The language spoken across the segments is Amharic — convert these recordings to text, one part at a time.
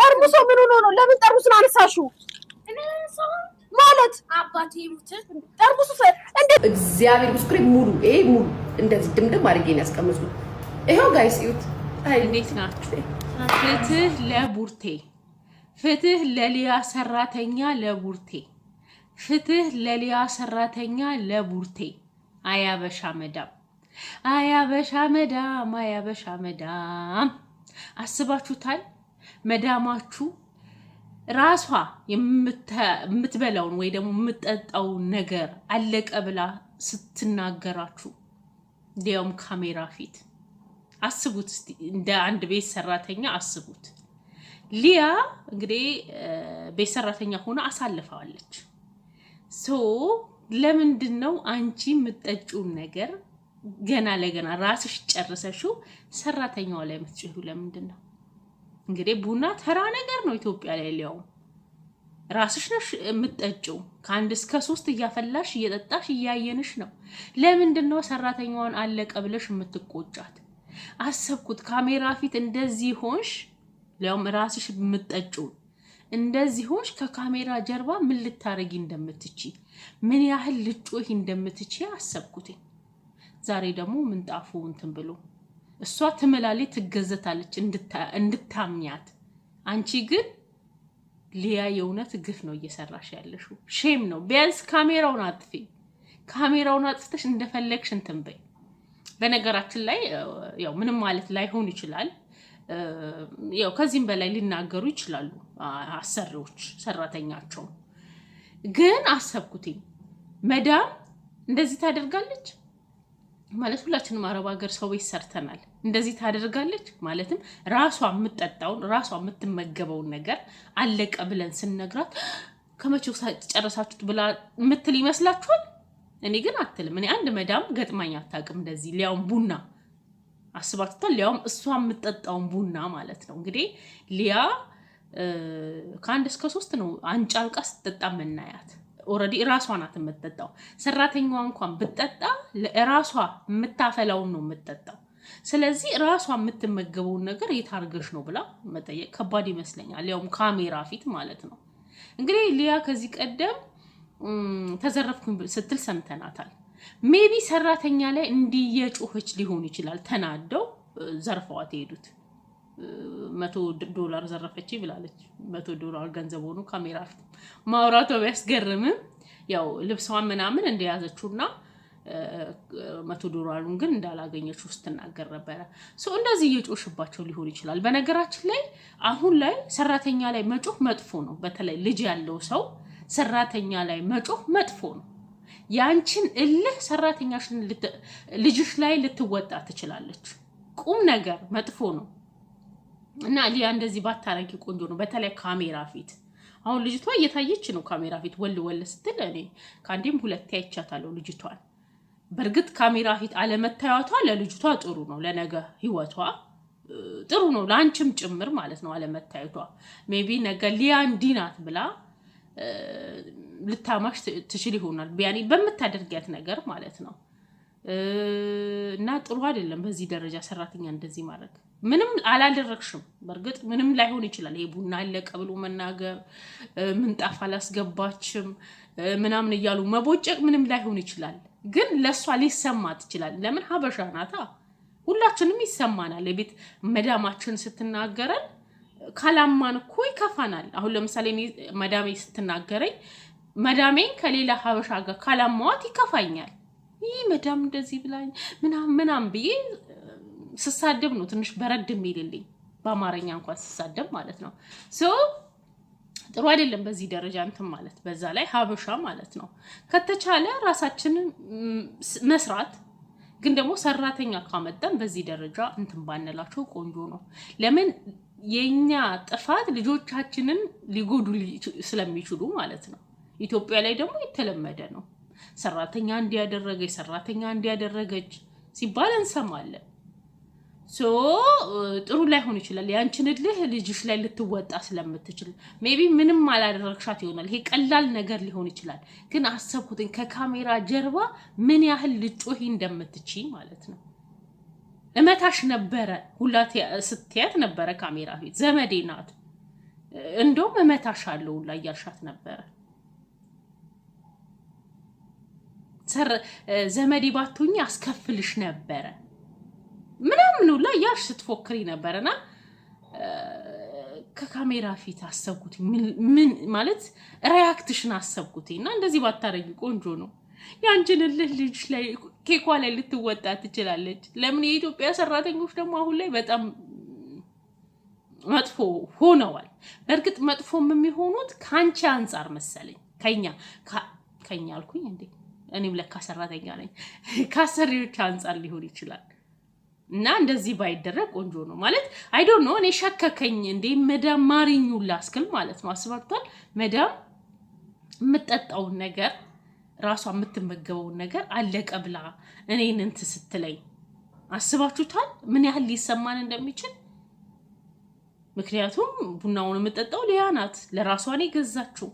ጠርሙሶ ምን ሆኖ ነው? ለምን ጠርሙሱን አነሳሽው? ማለት ጠርሙሱ እግዚአብሔር ምስክሬ ሙሉ ይሄ ሙሉ እንደዚህ ድምድም አድርጌ ነው ያስቀመጥኩት። ይኸው ጋይስ እዩት። እንዴት ናችሁ? ፍትህ ለቡርቴ፣ ፍትህ ለሊያ ሰራተኛ ለቡርቴ፣ ፍትህ ለሊያ ሰራተኛ ለቡርቴ። አያበሻ መዳም፣ አያበሻ መዳም፣ አያበሻ መዳም አስባችሁታል? መዳማችሁ ራሷ የምትበላውን ወይ ደግሞ የምትጠጣውን ነገር አለቀ ብላ ስትናገራችሁ እንዲያውም ካሜራ ፊት አስቡት እስቲ እንደ አንድ ቤት ሰራተኛ አስቡት። ሊያ እንግዲህ ቤት ሰራተኛ ሆነ አሳልፈዋለች። ሶ ለምንድን ነው አንቺ የምትጠጪውን ነገር ገና ለገና ራስሽ ጨርሰሽው ሰራተኛዋ ላይ የምትጭሁ? ለምንድን ነው? እንግዲህ ቡና ተራ ነገር ነው ኢትዮጵያ ላይ ሊያውም ራስሽ ነሽ የምትጠጪው። ከአንድ እስከ ሶስት እያፈላሽ እየጠጣሽ እያየንሽ ነው። ለምንድን ነው ሰራተኛዋን አለቀ ብለሽ የምትቆጫት? አሰብኩት ካሜራ ፊት እንደዚህ ሆንሽ፣ ሊያውም ራስሽ የምትጠጪው እንደዚህ ሆንሽ። ከካሜራ ጀርባ ምን ልታረጊ እንደምትቺ ምን ያህል ልጮህ እንደምትቺ አሰብኩትኝ። ዛሬ ደግሞ ምንጣፉ እንትን ብሎ እሷ ትመላሌ ትገዘታለች እንድታምኛት። አንቺ ግን ሊያ የእውነት ግፍ ነው እየሰራሽ ያለሽው። ሼም ነው። ቢያንስ ካሜራውን አጥፊ፣ ካሜራውን አጥፍተሽ እንደፈለግሽ እንትን በይ። በነገራችን ላይ ያው ምንም ማለት ላይሆን ይችላል። ያው ከዚህም በላይ ሊናገሩ ይችላሉ አሰሪዎች ሰራተኛቸው ግን አሰብኩትኝ መዳም እንደዚህ ታደርጋለች። ማለት ሁላችንም አረብ ሀገር ሰው ቤት ሰርተናል። እንደዚህ ታደርጋለች ማለትም ራሷ የምትጠጣውን ራሷ የምትመገበውን ነገር አለቀ ብለን ስንነግራት ከመቼው ጨረሳችሁት ብላ የምትል ይመስላችኋል? እኔ ግን አትልም። እኔ አንድ መዳም ገጥማኝ አታውቅም እንደዚህ ሊያውም ቡና አስባችሁታል? ሊያውም እሷ የምትጠጣውን ቡና ማለት ነው። እንግዲህ ሊያ ከአንድ እስከ ሶስት ነው አንጫልቃ ስትጠጣ የምናያት ኦልሬዲ እራሷ ናት የምትጠጣው። ሰራተኛዋ እንኳን ብትጠጣ እራሷ የምታፈላውን ነው የምትጠጣው። ስለዚህ ራሷ የምትመገበውን ነገር የታርገሽ ነው ብላ መጠየቅ ከባድ ይመስለኛል፣ ያውም ካሜራ ፊት ማለት ነው። እንግዲህ ሊያ ከዚህ ቀደም ተዘረፍኩኝ ስትል ሰምተናታል። ሜቢ ሰራተኛ ላይ እንዲየጮኸች ሊሆን ይችላል ተናደው ዘርፈዋት የሄዱት። መቶ ዶላር ዘረፈች ብላለች። መቶ ዶላር ገንዘብ ሆኖ ካሜራ ማውራቷ ቢያስገርምም ያው ልብሷን ምናምን እንደያዘችው እና መቶ ዶላሩን ግን እንዳላገኘችው ስትናገር ነበረ። እንደዚህ እየጮሽባቸው ሊሆን ይችላል። በነገራችን ላይ አሁን ላይ ሰራተኛ ላይ መጮህ መጥፎ ነው። በተለይ ልጅ ያለው ሰው ሰራተኛ ላይ መጮህ መጥፎ ነው። ያንቺን እልህ ሰራተኛሽን ልጅሽ ላይ ልትወጣ ትችላለች። ቁም ነገር መጥፎ ነው። እና ሊያ እንደዚህ ባታረጊ ቆንጆ ነው። በተለይ ካሜራ ፊት አሁን ልጅቷ እየታየች ነው። ካሜራ ፊት ወል ወል ስትል እኔ ከአንዴም ሁለቴ አይቻታለሁ ልጅቷን። በእርግጥ ካሜራ ፊት አለመታየቷ ለልጅቷ ጥሩ ነው፣ ለነገ ህይወቷ ጥሩ ነው፣ ለአንቺም ጭምር ማለት ነው። አለመታየቷ ሜቢ ነገ ሊያ እንዲህ ናት ብላ ልታማሽ ትችል ይሆናል፣ ቢያኔ በምታደርጊያት ነገር ማለት ነው። እና ጥሩ አይደለም። በዚህ ደረጃ ሰራተኛ እንደዚህ ማድረግ ምንም አላደረግሽም። በእርግጥ ምንም ላይሆን ይችላል። ይሄ ቡና አለቀ ብሎ መናገር፣ ምንጣፍ አላስገባችም ምናምን እያሉ መቦጨቅ ምንም ላይሆን ይችላል። ግን ለእሷ ሊሰማ ትችላል። ለምን ሀበሻ ናታ። ሁላችንም ይሰማናል። የቤት መዳማችን ስትናገረን ካላማን እኮ ይከፋናል። አሁን ለምሳሌ መዳሜ ስትናገረኝ መዳሜን ከሌላ ሀበሻ ጋር ካላማዋት ይከፋኛል። ይህ መዳም እንደዚህ ብላኝ ምናም ምናም ብዬ ስሳደብ ነው ትንሽ በረድ የሚልልኝ በአማርኛ እንኳን ስሳደብ ማለት ነው። ጥሩ አይደለም በዚህ ደረጃ እንትን ማለት በዛ ላይ ሀበሻ ማለት ነው። ከተቻለ ራሳችንን መስራት ግን ደግሞ ሰራተኛ ካመጣን በዚህ ደረጃ እንትን ባንላቸው ቆንጆ ነው። ለምን የእኛ ጥፋት ልጆቻችንን ሊጎዱ ስለሚችሉ ማለት ነው። ኢትዮጵያ ላይ ደግሞ የተለመደ ነው። ሰራተኛ እንዲያደረገች ሰራተኛ እንዲያደረገች ሲባል እንሰማለን። ሶ ጥሩ ላይሆን ይችላል። ያንቺን እልህ ልጅሽ ላይ ልትወጣ ስለምትችል ሜቢ ምንም አላደረግሻት ይሆናል። ይሄ ቀላል ነገር ሊሆን ይችላል፣ ግን አሰብኩትኝ ከካሜራ ጀርባ ምን ያህል ልጮህ እንደምትች ማለት ነው። እመታሽ ነበረ ሁላ ስትያት ነበረ ካሜራ ፊት ዘመዴ ናት እንደውም እመታሽ አለው ሁላ እያልሻት ነበረ። ዘመዴ ባትሆኚ አስከፍልሽ ነበረ ምናምን ሁላ ያልሽ ስትፎክሪ ነበረና ከካሜራ ፊት አሰብኩት። ምን ማለት ሪያክትሽን አሰብኩት እና እንደዚህ ባታረጊ ቆንጆ ነው። ያንቺን እልህ ልጅ ላይ ኬኳ ላይ ልትወጣ ትችላለች። ለምን የኢትዮጵያ ሰራተኞች ደግሞ አሁን ላይ በጣም መጥፎ ሆነዋል። በእርግጥ መጥፎም የሚሆኑት ከአንቺ አንጻር መሰለኝ ከኛ ከኛ አልኩኝ እንዴ እኔም ለካ ሰራተኛ ነኝ ከአሰሪዎች አንጻር ሊሆን ይችላል። እና እንደዚህ ባይደረግ ቆንጆ ነው ማለት አይዶ ነው። እኔ ሸከከኝ እንደ መዳም ማሪኙላ ላስክል ማለት ነው። አስባርቷል መዳም የምጠጣውን ነገር ራሷ የምትመገበውን ነገር አለቀ ብላ እኔን እንት ስትለኝ አስባችሁታል? ምን ያህል ሊሰማን እንደሚችል ምክንያቱም ቡናውን የምጠጣው ሊያ ናት፣ ለራሷ ነው የገዛችው።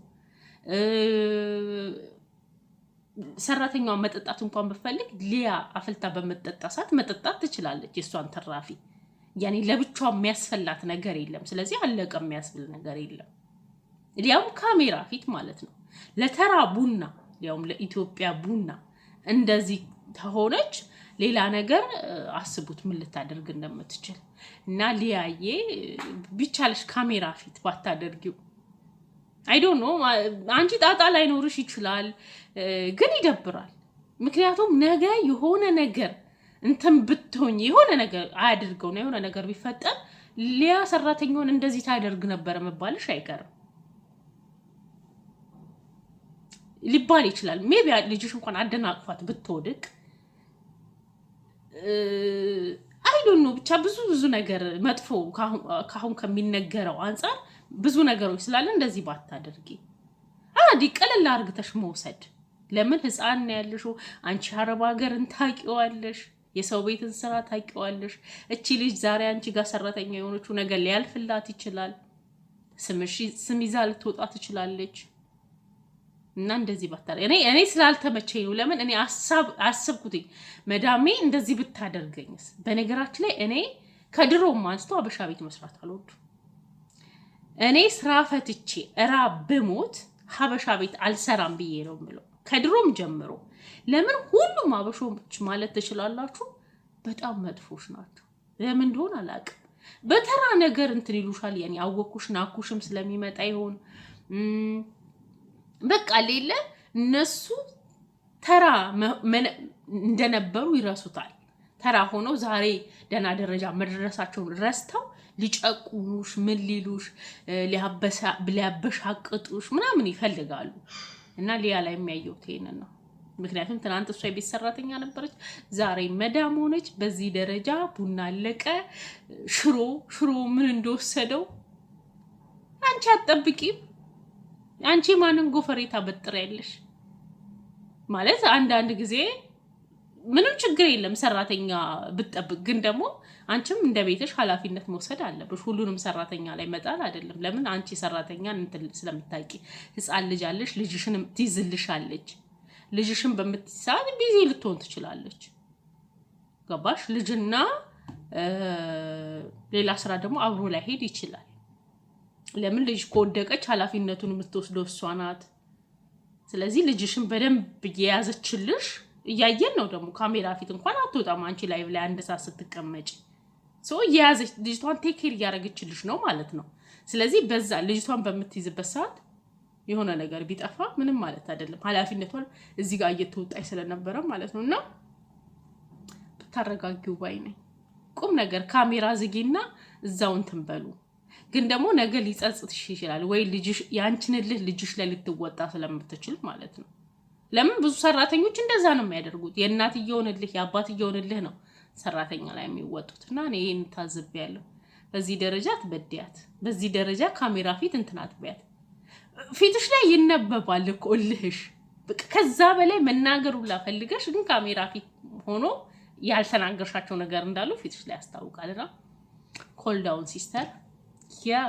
ሰራተኛዋን መጠጣት እንኳን ብፈልግ ሊያ አፍልታ በምጠጣ ሰዓት መጠጣት ትችላለች። የእሷን ትራፊ ያኔ ለብቻዋ የሚያስፈላት ነገር የለም። ስለዚህ አለቀ የሚያስብል ነገር የለም። ሊያውም ካሜራ ፊት ማለት ነው። ለተራ ቡና ሊያውም ለኢትዮጵያ ቡና እንደዚህ ተሆነች። ሌላ ነገር አስቡት ምን ልታደርግ እንደምትችል እና ሊያዬ ቢቻለሽ ካሜራ ፊት ባታደርጊው አይዶን ኖ አንቺ ጣጣ ላይኖርሽ ይችላል፣ ግን ይደብራል። ምክንያቱም ነገ የሆነ ነገር እንትን ብትሆኝ የሆነ ነገር ነው የሆነ ነገር ቢፈጠር ሊያ ሰራተኛውን እንደዚህ ታደርግ ነበር መባልሽ አይቀርም ሊባል ይችላል። ሜቢ ልጅሽ እንኳን አደናቅፋት ብትወድቅ አይዶኖ ብቻ ብዙ ብዙ ነገር መጥፎ ካሁን ከሚነገረው አንጻር ብዙ ነገሮች ስላለ እንደዚህ ባታደርጊ አዲ ቀለል አርግተሽ መውሰድ ለምን ህፃን ነው ያለሽው? አንቺ አረብ ሀገርን ታውቂዋለሽ፣ የሰው ቤትን ስራ ታውቂዋለሽ። እቺ ልጅ ዛሬ አንቺ ጋር ሰራተኛ የሆነችው ነገር ሊያልፍላት ይችላል። ስም ይዛ ልትወጣ ትችላለች። እና እንደዚህ ባታ እኔ እኔ ስላልተመቸኝ ነው። ለምን እኔ አሳብ አስብኩትኝ መዳሜ እንደዚህ ብታደርገኝስ። በነገራችን ላይ እኔ ከድሮም አንስቶ አበሻ ቤት መስራት አልወዱ እኔ ስራ ፈትቼ እራ ብሞት ሀበሻ ቤት አልሰራም ብዬ ነው ምለው ከድሮም ጀምሮ። ለምን ሁሉም ሀበሾች ማለት ትችላላችሁ በጣም መጥፎች ናቸው። ለምን እንደሆን አላውቅም። በተራ ነገር እንትን ይሉሻል። ያኔ አወኩሽ ናኩሽም ስለሚመጣ ይሆን በቃ ሌለ እነሱ ተራ እንደነበሩ ይረሱታል። ተራ ሆነው ዛሬ ደህና ደረጃ መድረሳቸውን ረስተው ሊጨቁኑሽ፣ ምን ሊሉሽ፣ ሊያበሻቅጡሽ ምናምን ይፈልጋሉ። እና ሊያ ላይ የሚያየሁት ይሄንን ነው። ምክንያቱም ትናንት እሷ የቤት ሰራተኛ ነበረች፣ ዛሬ መዳም ሆነች። በዚህ ደረጃ ቡና አለቀ፣ ሽሮ ሽሮ ምን እንደወሰደው አንቺ አትጠብቂም። አንቺ ማንን ጎፈሬ ታበጥሪያለሽ ማለት አንዳንድ ጊዜ ምንም ችግር የለም ሰራተኛ ብትጠብቅ። ግን ደግሞ አንቺም እንደ ቤትሽ ኃላፊነት መውሰድ አለብሽ። ሁሉንም ሰራተኛ ላይ መጣል አይደለም። ለምን አንቺ ሰራተኛ ስለምታውቂ፣ ህፃን ልጅ አለሽ፣ ልጅሽንም ትይዝልሻለች። ልጅሽን በምትይዝ ቢዚ ልትሆን ትችላለች። ገባሽ? ልጅና ሌላ ስራ ደግሞ አብሮ ላይ ሄድ ይችላል። ለምን ልጅ ከወደቀች ኃላፊነቱን የምትወስደው እሷ ናት። ስለዚህ ልጅሽን በደንብ የያዘችልሽ እያየን ነው ደግሞ ካሜራ ፊት እንኳን አትወጣም። አንቺ ላይ ላይ አንድ ሰዓት ስትቀመጭ ሰው እየያዘች ልጅቷን ቴክር እያደረገችልሽ ነው ማለት ነው። ስለዚህ በዛ ልጅቷን በምትይዝበት ሰዓት የሆነ ነገር ቢጠፋ ምንም ማለት አይደለም። ኃላፊነቷን እዚህ ጋር እየተወጣች ስለነበረ ማለት ነው። እና ብታረጋጊው ባይ ነኝ። ቁም ነገር ካሜራ ዝጌና እዛው እንትን በሉ። ግን ደግሞ ነገ ሊጸጽትሽ ይችላል ወይ ልጅሽ የአንቺን ልጅሽ ላይ ልትወጣ ስለምትችል ማለት ነው። ለምን ብዙ ሰራተኞች እንደዛ ነው የሚያደርጉት። የአባት እየሆንልህ ነው ሰራተኛ ላይ የሚወጡት እና እኔ ይህን ታዝቤያለሁ። በዚህ ደረጃ ትበድያት፣ በዚህ ደረጃ ካሜራ ፊት እንትን አትበያት። ፊትሽ ላይ ይነበባል እኮ እልህሽ። ከዛ በላይ መናገሩ ፈልገሽ ግን ካሜራ ፊት ሆኖ ያልተናገርሻቸው ነገር እንዳሉ ፊትሽ ላይ ያስታውቃልና ኮልዳውን ሲስተር ያ